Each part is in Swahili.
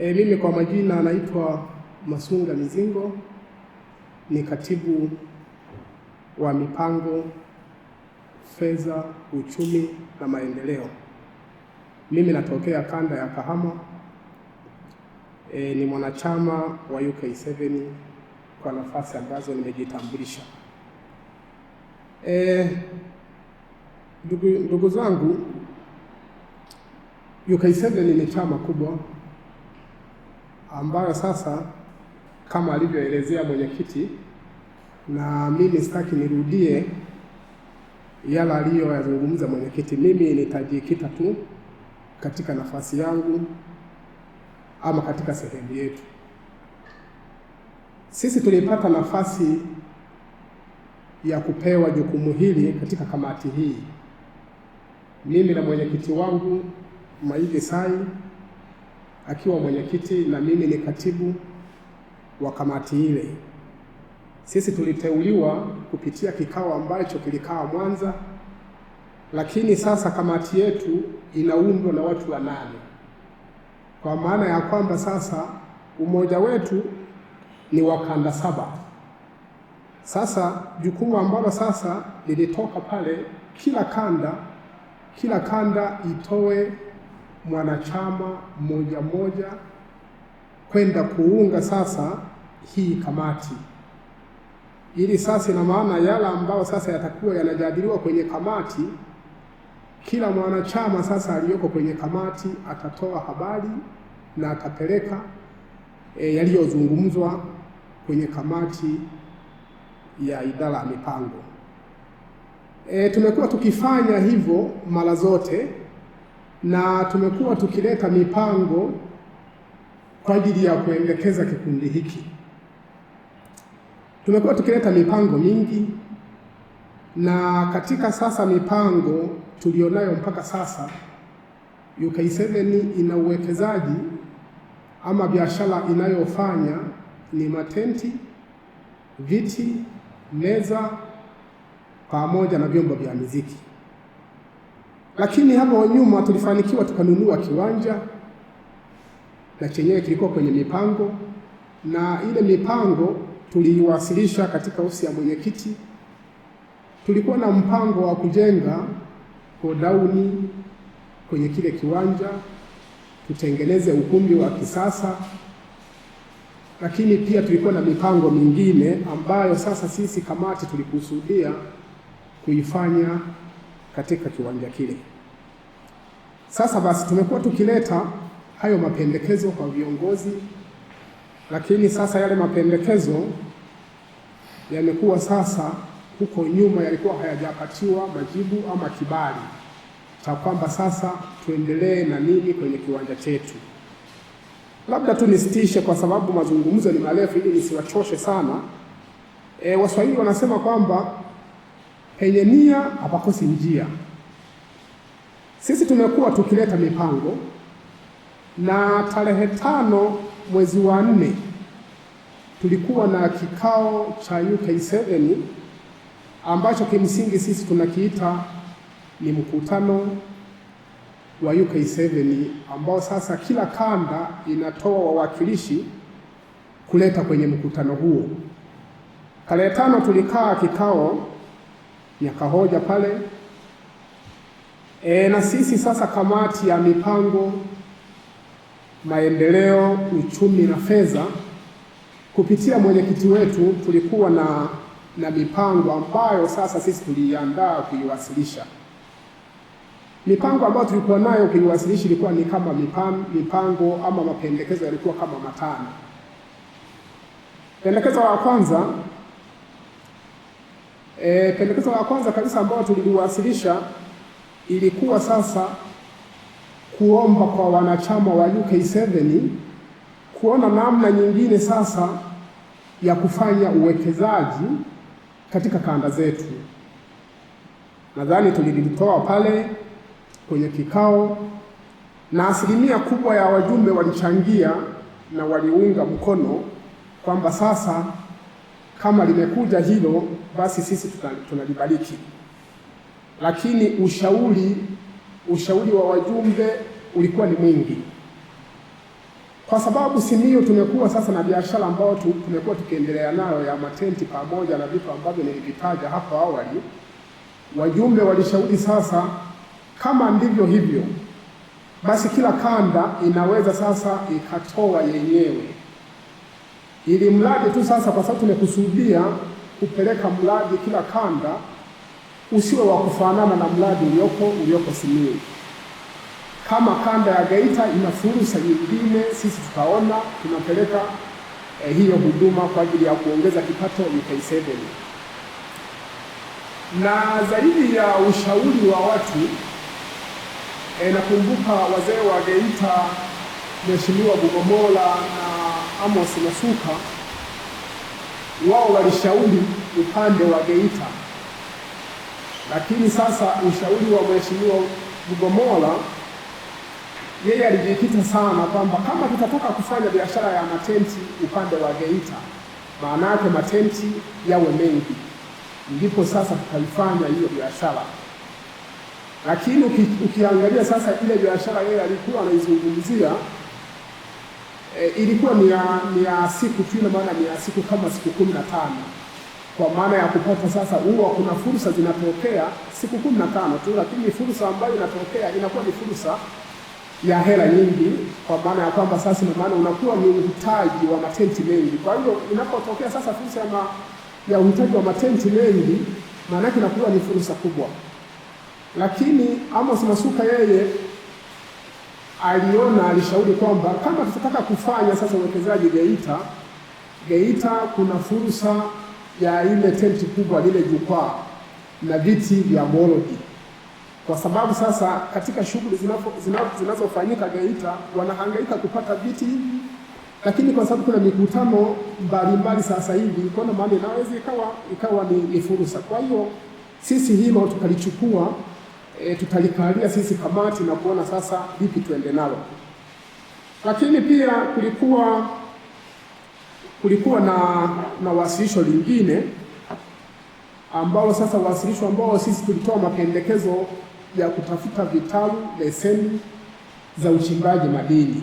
E, mimi kwa majina naitwa Masunga Mizingo, ni katibu wa mipango, fedha, uchumi na maendeleo. Mimi natokea kanda ya Kahama. E, ni mwanachama wa UK7 kwa nafasi ambazo nimejitambulisha. E, ndugu zangu, UK7 ni chama kubwa ambayo sasa kama alivyoelezea mwenyekiti, na mimi sitaki nirudie yala aliyoyazungumza mwenyekiti. Mimi nitajikita tu katika nafasi yangu ama katika sehemu yetu. Sisi tulipata nafasi ya kupewa jukumu hili katika kamati hii, mimi na mwenyekiti wangu Maige Sai akiwa mwenyekiti na mimi ni katibu wa kamati ile. Sisi tuliteuliwa kupitia kikao ambacho kilikaa Mwanza, lakini sasa kamati yetu inaundwa na watu wanane, kwa maana ya kwamba sasa umoja wetu ni wakanda saba. Sasa jukumu ambalo sasa lilitoka pale, kila kanda kila kanda itoe mwanachama mmoja mmoja kwenda kuunga sasa hii kamati, ili sasa, ina maana yale ambayo sasa yatakuwa yanajadiliwa kwenye kamati, kila mwanachama sasa aliyoko kwenye kamati atatoa habari na atapeleka e, yaliyozungumzwa kwenye kamati ya idara ya mipango. E, tumekuwa tukifanya hivyo mara zote na tumekuwa tukileta mipango kwa ajili ya kuendekeza kikundi hiki. Tumekuwa tukileta mipango mingi, na katika sasa mipango tulionayo mpaka sasa UK7 ina uwekezaji ama biashara inayofanya ni matenti, viti, meza pamoja na vyombo vya muziki. Lakini hapo nyuma tulifanikiwa tukanunua kiwanja na chenyewe kilikuwa kwenye mipango, na ile mipango tuliiwasilisha katika ofisi ya mwenyekiti. Tulikuwa na mpango wa kujenga godauni kwenye kile kiwanja, tutengeneze ukumbi wa kisasa, lakini pia tulikuwa na mipango mingine ambayo sasa sisi kamati tulikusudia kuifanya katika kiwanja kile. Sasa basi, tumekuwa tukileta hayo mapendekezo kwa viongozi, lakini sasa yale mapendekezo yamekuwa sasa, huko nyuma yalikuwa hayajapatiwa majibu ama kibali cha kwamba sasa tuendelee na nini kwenye kiwanja chetu. Labda tu nisitishe kwa sababu mazungumzo ni marefu, ili nisiwachoshe sana. E, Waswahili wanasema kwamba penye nia hapakosi njia. Sisi tumekuwa tukileta mipango na tarehe tano mwezi wa nne tulikuwa na kikao cha UK7 ambacho kimsingi sisi tunakiita ni mkutano wa UK7 ambao sasa kila kanda inatoa wawakilishi kuleta kwenye mkutano huo. Tarehe tano tulikaa kikao yakahoja pale e, na sisi sasa kamati ya mipango maendeleo uchumi na fedha kupitia mwenyekiti wetu tulikuwa na na mipango ambayo sasa sisi tuliiandaa kuiwasilisha. Mipango ambayo tulikuwa nayo kuiwasilisha ilikuwa ni kama mipango ama mapendekezo yalikuwa kama matano. Pendekezo la kwanza E, pendekezo la kwanza kabisa ambao tuliliwasilisha ilikuwa sasa kuomba kwa wanachama wa UK7 kuona namna nyingine sasa ya kufanya uwekezaji katika kanda zetu. Nadhani tulilitoa pale kwenye kikao na asilimia kubwa ya wajumbe walichangia na waliunga mkono kwamba sasa kama limekuja hilo basi sisi tunalibariki. Lakini ushauri ushauri wa wajumbe ulikuwa ni mwingi, kwa sababu Simiyu tumekuwa sasa na biashara ambayo tumekuwa tukiendelea nayo ya matenti pamoja na vitu ambavyo nilivitaja hapo awali. Wajumbe walishauri sasa, kama ndivyo hivyo, basi kila kanda inaweza sasa ikatoa yenyewe, ili mradi tu sasa, kwa sababu tumekusudia kupeleka mradi kila kanda usiwe wa kufanana na mradi ulioko ulioko Simiyu. Kama kanda ya Geita ina fursa nyingine, sisi tutaona tunapeleka eh, hiyo huduma kwa ajili ya kuongeza kipato UK7. Na zaidi ya ushauri wa watu eh, nakumbuka wazee wa Geita Mheshimiwa Bugomora na Amos Masuka wao walishauri upande wa Geita, lakini sasa ushauri wa mheshimiwa Mgomola, yeye alijikita sana kwamba kama tutataka kufanya biashara ya matenti upande wa Geita, maana yake matenti yawe mengi, ndipo sasa tukaifanya hiyo biashara. Lakini ukiangalia sasa ile biashara yeye alikuwa anaizungumzia E, ilikuwa ni ya siku tu, ina maana ni ya siku kama siku kumi na tano kwa maana ya kupata sasa, huwa kuna fursa zinatokea siku kumi na tano tu, lakini fursa ambayo inatokea inakuwa ni fursa ya hela nyingi, kwa maana ya kwamba sasa, ina maana unakuwa ni uhitaji wa matenti mengi. Kwa hiyo inapotokea sasa fursa ya, ya uhitaji wa matenti mengi, maanake inakuwa ni fursa kubwa, lakini Amos Masuka yeye aliona, alishauri kwamba kama tutataka kufanya sasa uwekezaji Geita, Geita kuna fursa ya ile tenti kubwa, lile jukwaa na viti vya boloji, kwa sababu sasa katika shughuli zinazofanyika Geita wanahangaika kupata viti hivi, lakini kwa sababu kuna mikutano mbalimbali sasa hivi, kona maana inaweza ikawa ikawa ni, ni fursa. Kwa hiyo sisi hilo tukalichukua e, eh, tutalikalia sisi kamati na kuona sasa vipi tuende nalo. Lakini pia kulikuwa kulikuwa na, na wasilisho lingine ambao sasa wasilisho ambao sisi tulitoa mapendekezo ya kutafuta vitalu leseni za uchimbaji madini.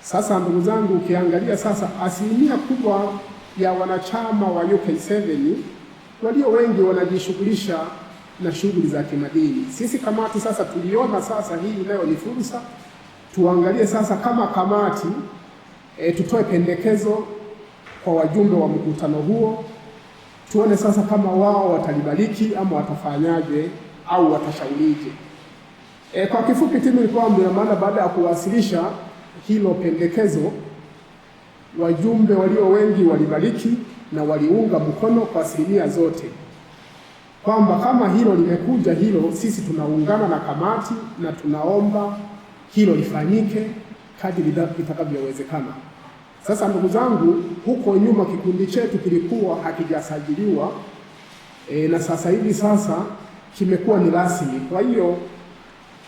Sasa ndugu zangu, ukiangalia sasa asilimia kubwa ya wanachama wa UK7 walio wengi wanajishughulisha na shughuli za kimadini. Sisi kamati sasa tuliona sasa hii leo ni fursa, tuangalie sasa kama kamati e, tutoe pendekezo kwa wajumbe wa mkutano huo, tuone sasa kama wao watalibariki ama watafanyaje au watashaurije. E, kwa kifupi tu ilikuwa na maana, baada ya kuwasilisha hilo pendekezo, wajumbe walio wengi walibariki na waliunga mkono kwa asilimia zote kwamba kama hilo limekuja hilo, sisi tunaungana na kamati na tunaomba hilo lifanyike kadri litakavyowezekana. Sasa ndugu zangu, huko nyuma kikundi chetu kilikuwa hakijasajiliwa e, na sasa hivi sasa kimekuwa ni rasmi. Kwa hiyo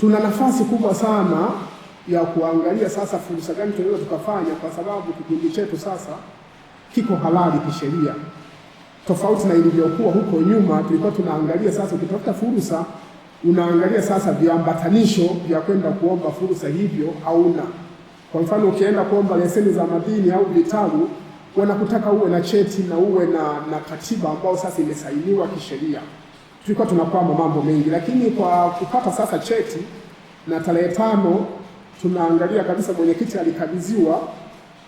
tuna nafasi kubwa sana ya kuangalia sasa fursa gani tunaweza tukafanya, kwa sababu kikundi chetu sasa kiko halali kisheria tofauti na ilivyokuwa huko nyuma. Tulikuwa tunaangalia sasa, ukitafuta fursa unaangalia sasa viambatanisho vya kwenda kuomba fursa, hivyo hauna. Kwa mfano, ukienda kuomba leseni za madini au vitabu, wanakutaka uwe na cheti na uwe na, na katiba ambayo sasa imesainiwa kisheria. Tulikuwa tunakwama mambo mengi, lakini kwa kupata sasa cheti na tarehe tano tunaangalia kabisa, mwenyekiti alikabidhiwa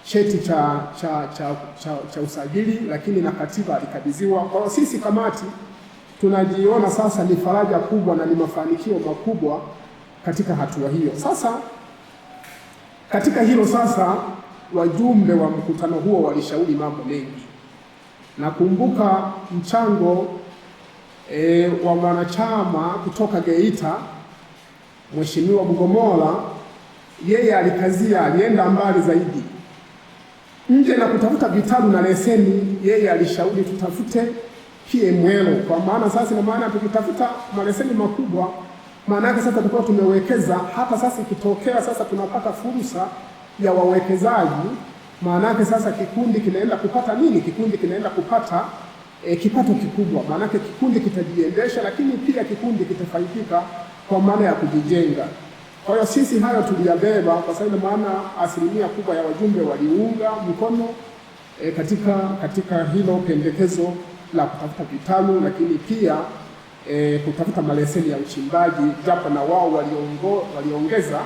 cheti cha, cha, cha, cha, cha usajili, lakini na katiba alikabidhiwa. Kwa sisi kamati tunajiona sasa ni faraja kubwa na ni mafanikio makubwa katika hatua hiyo. Sasa katika hilo sasa, wajumbe wa mkutano huo walishauri mambo mengi. Nakumbuka mchango e, wa mwanachama kutoka Geita Mheshimiwa Bugomola, yeye alikazia, alienda mbali zaidi nje na kutafuta vitabu na leseni, yeye alishauri tutafute PML, kwa maana sasa, ina maana tukitafuta maleseni makubwa, maana yake sasa tulikuwa tumewekeza hapa. Sasa ikitokea sasa tunapata fursa ya wawekezaji, maana yake sasa kikundi kinaenda kupata nini? Kikundi kinaenda kupata e, kipato kikubwa, maana yake kikundi kitajiendesha, lakini pia kikundi kitafaidika kwa maana ya kujijenga. Kwa hiyo sisi hayo tuliyabeba, kwa sababu maana asilimia kubwa ya wajumbe waliunga mkono e, katika, katika hilo pendekezo la kutafuta vitalu, lakini pia e, kutafuta maleseni ya uchimbaji, japo na wao waliongo, waliongeza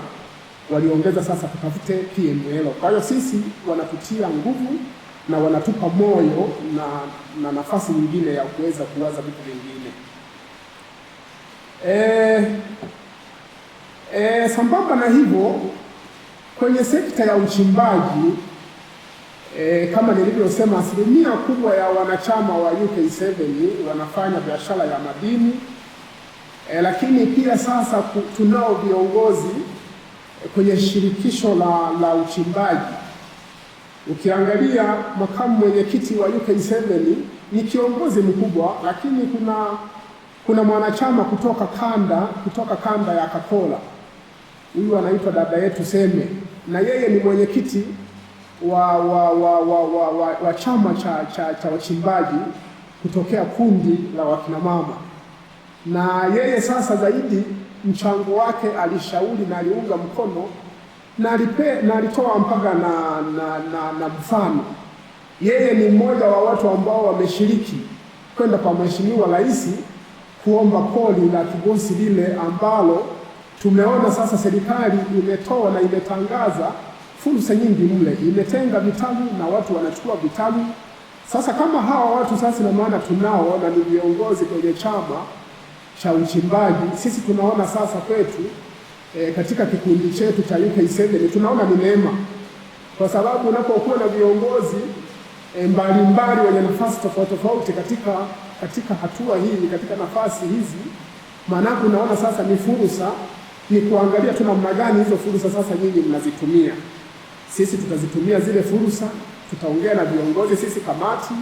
waliongeza sasa tutafute PML. Kwa hiyo sisi wanatutia nguvu na wanatupa moyo na, na nafasi nyingine ya kuweza kuwaza vitu vingine e, E, sambamba na hivyo kwenye sekta ya uchimbaji e, kama nilivyosema asilimia kubwa ya wanachama wa UK7 wanafanya biashara ya madini e, lakini pia sasa tunao viongozi kwenye shirikisho la, la uchimbaji. Ukiangalia makamu mwenyekiti wa UK7 ni kiongozi mkubwa, lakini kuna kuna mwanachama kutoka kanda kutoka kanda ya Kakola huyu anaitwa dada yetu Seme, na yeye ni mwenyekiti wa wa wa wa, wa, wa, wa chama cha, cha, cha wachimbaji kutokea kundi la wakinamama, na yeye sasa zaidi mchango wake alishauri na aliunga mkono na alipe, na alitoa mpaka na, na, na, na mfano. Yeye ni mmoja wa watu ambao wameshiriki kwenda kwa Mheshimiwa Rais kuomba koli la Kigosi lile ambalo Tumeona sasa serikali imetoa na imetangaza fursa nyingi mle, imetenga vitalu na watu wanachukua vitalu. Sasa kama hawa watu sasa, na maana tunao na ni viongozi kwenye chama cha uchimbaji, sisi tunaona sasa kwetu e, katika kikundi chetu cha UK7 tunaona ni neema, kwa sababu unapokuwa na viongozi e, mbalimbali wenye nafasi tofauti tofauti katika katika hatua hii katika nafasi hizi, maanake unaona sasa ni fursa ni kuangalia tu namna gani hizo fursa sasa nyinyi mnazitumia. Sisi tutazitumia zile fursa, tutaongea na viongozi sisi kamati,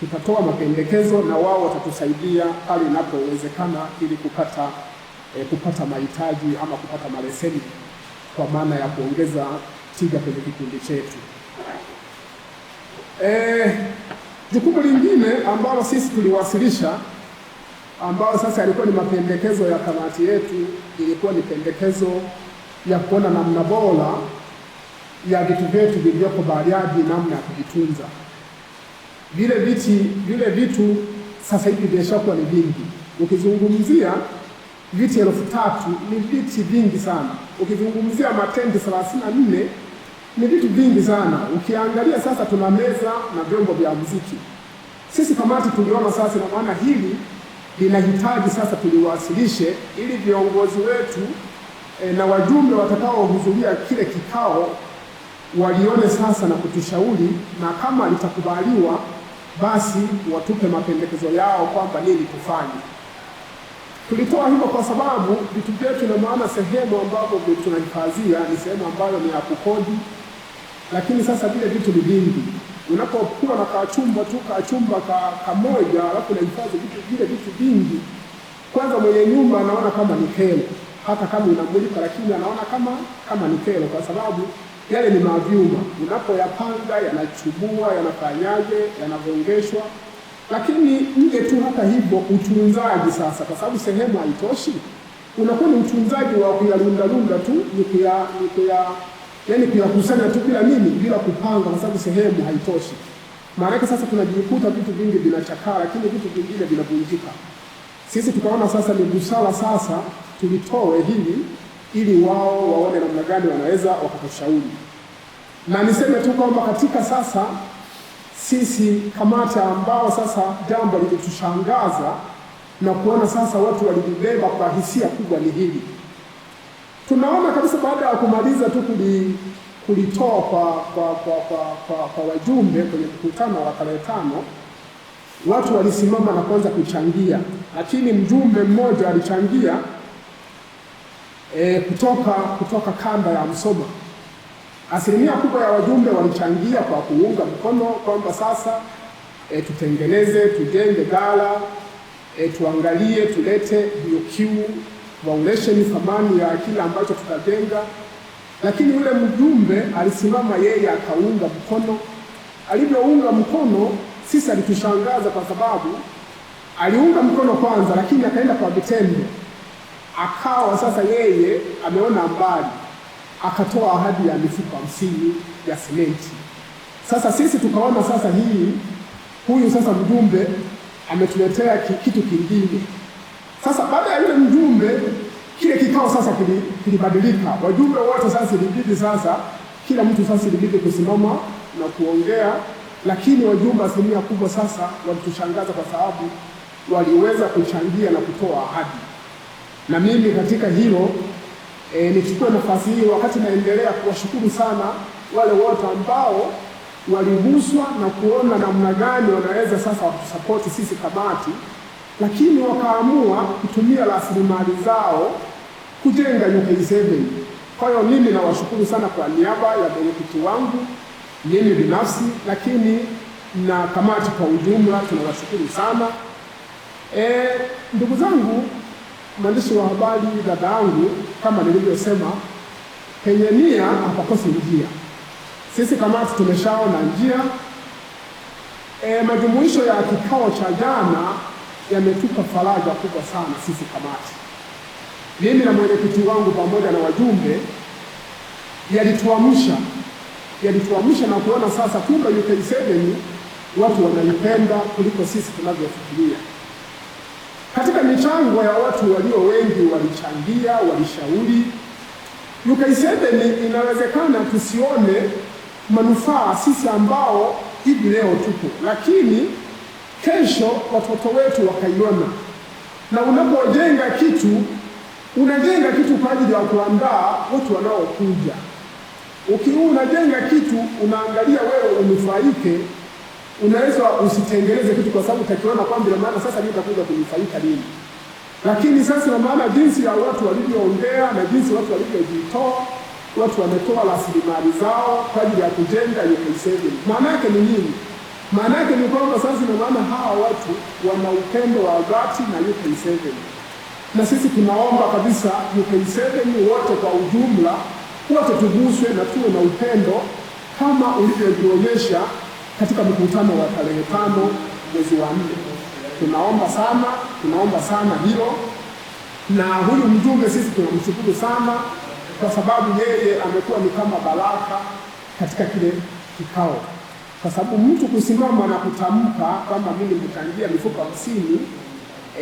tutatoa mapendekezo na wao watatusaidia pale inapowezekana, ili kupata eh, kupata mahitaji ama kupata maleseni kwa maana ya kuongeza tija kwenye kikundi chetu. Eh, jukumu lingine ambalo sisi tuliwasilisha ambayo sasa yalikuwa ni mapendekezo ya kamati yetu, ilikuwa ni pendekezo ya kuona namna bora ya vitu vyetu vilivyoko Bariadi, namna ya kuvitunza vile viti vile vitu. Sasa hivi vimeshakuwa ni vingi, ukizungumzia viti elfu tatu ni viti vingi sana, ukizungumzia matenti thelathini na nne ni vitu vingi sana. Ukiangalia sasa, tuna meza na vyombo vya muziki. Sisi kamati tuliona sasa, na maana hili linahitaji sasa tuliwasilishe ili viongozi wetu e, na wajumbe watakaohudhuria kile kikao walione sasa na kutushauri, na kama litakubaliwa basi watupe mapendekezo yao kwamba nini tufanye. Tulitoa hivyo kwa sababu vitu vyetu, na maana sehemu ambapo tunahifadhia ni sehemu ambayo ni ya kukodi, lakini sasa vile vitu ni vingi unapokuwa na kachumba tu kachumba kamoja alafu unahifadhi vitu vile vitu vingi, kwanza mwenye nyumba anaona kama ni kero, hata kama unamulika, lakini anaona kama kama ni kero, kwa sababu yale ni mavyuma, unapoyapanga yanachubua, yanafanyaje, yanavongeshwa. Lakini nje tu hata hivyo, utunzaji sasa, kwa sababu sehemu haitoshi, unakuwa ni utunzaji wa kuyalundalunda tu ni kuya yani kuyakusanya tu bila mimi, bila kupanga, kwa sababu sehemu haitoshi. Maanake sasa tunajikuta vitu vingi vinachakaa, lakini vitu vingine vinavunjika. Sisi tukaona sasa ni busara sasa tulitoe hili ili wao waone namna gani wanaweza wakatushauri. Na niseme tu kwamba katika sasa sisi kamati ambao sasa jambo lilitushangaza na kuona sasa watu walibeba kwa hisia kubwa ni hili tunaona kabisa baada ya kumaliza tu kulitoa kwa kwa kwa kwa, kwa, kwa wajumbe kwenye mkutano wa tarehe tano, watu walisimama na kuanza kuchangia, lakini mjumbe mmoja alichangia e, kutoka kutoka kanda ya Msoma. Asilimia kubwa ya wajumbe walichangia kwa kuunga mkono kwamba sasa e, tutengeneze, tujenge gala e, tuangalie, tulete BOQ ni thamani ya kile ambacho tutajenga. Lakini yule mjumbe alisimama yeye akaunga mkono. Alivyounga mkono, sisi alitushangaza kwa sababu aliunga mkono kwanza, lakini akaenda kwa vitendo, akawa sasa yeye ameona mbali, akatoa ahadi ya mifuko hamsini ya simenti. Sasa sisi tukaona sasa hii, huyu sasa mjumbe ametuletea kitu kingine. Sasa baada ya yule mjumbe, kile kikao sasa kilibadilika, wajumbe wote sasa ilibidi sasa kila mtu sasa ilibidi kusimama na kuongea, lakini wajumbe asilimia kubwa sasa walitushangaza kwa sababu waliweza kuchangia na kutoa ahadi. Na mimi katika hilo e, nichukue nafasi hii wakati naendelea kuwashukuru sana wale wote ambao waliguswa na kuona namna gani wanaweza sasa watusapoti sisi kamati lakini wakaamua kutumia rasilimali zao kujenga UK7. Kwa hiyo mimi nawashukuru sana kwa niaba ya mwenyekiti wangu, mimi binafsi, lakini na kamati kwa ujumla tunawashukuru sana. E, ndugu zangu mwandishi wa habari, dada yangu, kama nilivyosema, penye nia hapakosi njia. Sisi kamati tumeshaona njia. E, majumuisho ya kikao cha jana yametupa faraja kubwa sana sisi kamati, mimi na mwenyekiti wangu pamoja na wajumbe, yalituamsha yalituamsha na kuona sasa kumbe UK7 watu wanaipenda kuliko sisi tunavyofikiria. Katika michango ya watu walio wengi walichangia, walishauri UK7 inawezekana tusione manufaa sisi ambao hivi leo tupo, lakini kesho watoto wetu wakaiona. Na unapojenga kitu, unajenga kitu kwa ajili ya kuandaa watu wanaokuja. Ukiwa unajenga kitu, unaangalia wewe unufaike, unaweza usitengeneze kitu kwa sababu utakiona kwamba ina maana sasa mimi nitakuja kunufaika nini? Lakini sasa na maana jinsi ya watu walivyoongea na jinsi watu walivyojitoa, watu wametoa rasilimali zao kwa ajili ya kujenga UK7. Maana yake ni nini? Maana yake ni kwamba sasa, ina maana hawa watu wana upendo wa dhati na UK7, na sisi tunaomba kabisa UK7 wote kwa ujumla, wote tuguswe na tuwe na upendo kama ulivyojionyesha katika mkutano wa tarehe tano mwezi wa nne. Tunaomba sana, tunaomba sana hilo, na huyu mjumbe sisi tunamshukuru sana kwa sababu yeye amekuwa ni kama baraka katika kile kikao kwa sababu mtu kusimama na kutamka kwamba mimi nimechangia mifuko hamsini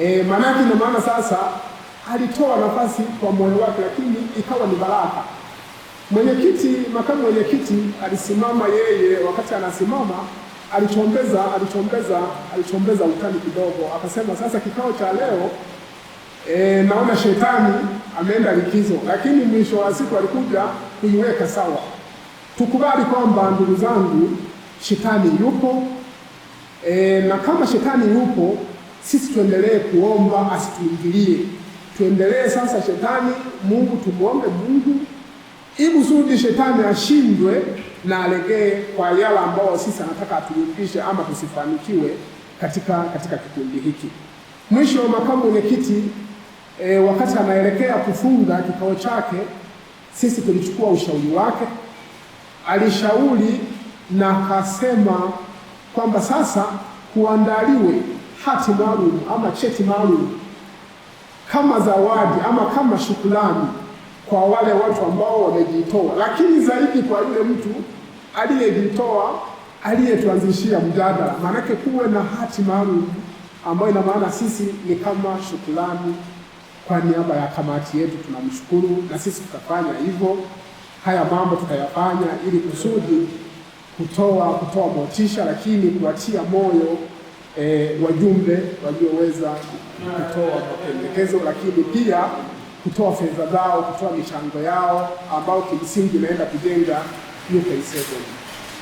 e, maanake ina maana sasa alitoa nafasi kwa moyo wake, lakini ikawa ni baraka. Mwenyekiti, makamu mwenyekiti alisimama yeye, wakati anasimama alichombeza alichombeza alichombeza utani kidogo, akasema sasa kikao cha leo e, naona shetani ameenda likizo, lakini mwisho wa siku alikuja kuiweka sawa. Tukubali kwamba ndugu zangu shetani yupo e, na kama shetani yupo, sisi tuendelee kuomba asituingilie, tuendelee sasa shetani, Mungu tumuombe Mungu ili kusudi shetani ashindwe na alegee kwa yale ambayo sisi anataka atulimbishe ama tusifanikiwe katika katika kikundi hiki. Mwisho, wa makamu mwenyekiti e, wakati anaelekea kufunga kikao chake, sisi tulichukua ushauri wake, alishauri na akasema kwamba sasa kuandaliwe hati maalum ama cheti maalum kama zawadi ama kama shukrani kwa wale watu ambao wamejitoa, lakini zaidi kwa yule mtu aliyejitoa aliyetuanzishia mjadala. Maanake kuwe na hati maalum ambayo ina maana sisi ni kama shukrani kwa niaba ya kamati yetu, tunamshukuru na sisi tutafanya hivyo, haya mambo tutayafanya ili kusudi kutoa kutoa motisha, lakini kuwatia moyo e, wajumbe walioweza kutoa mapendekezo, lakini pia kutoa fedha zao, kutoa michango yao ambayo kimsingi inaenda kujenga UK7.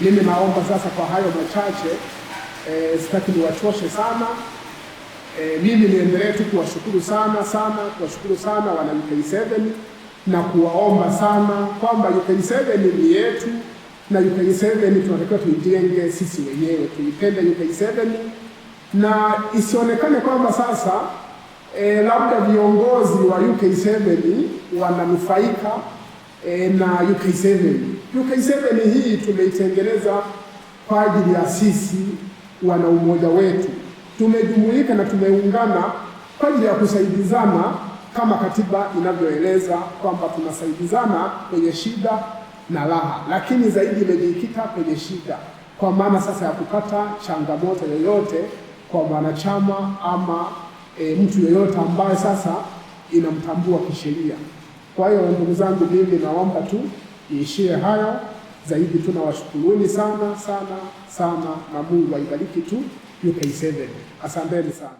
Mimi naomba sasa, kwa hayo machache e, sitaki niwachoshe sana e, mimi niendelee tu kuwashukuru sana sana, kuwashukuru sana wana UK7 na kuwaomba sana kwamba UK7 ni yetu na UK7 tunatakiwa tuijenge sisi wenyewe, tuipende UK7 na isionekane kwamba sasa e, labda viongozi wa UK7 wananufaika e, na UK7. UK7 hii tumeitengeneza kwa ajili ya sisi wana umoja wetu, tumejumuika na tumeungana kwa ajili ya kusaidizana kama katiba inavyoeleza kwamba tunasaidizana kwenye shida na raha, lakini zaidi imejikita kwenye shida, kwa maana sasa ya kupata changamoto yoyote kwa mwanachama ama e, mtu yoyote ambaye sasa inamtambua kisheria. Kwa hiyo ndugu zangu, mimi naomba tu niishie hayo zaidi tu, nawashukuruni sana sana sana, na Mungu aibariki tu UK7. Asanteni sana.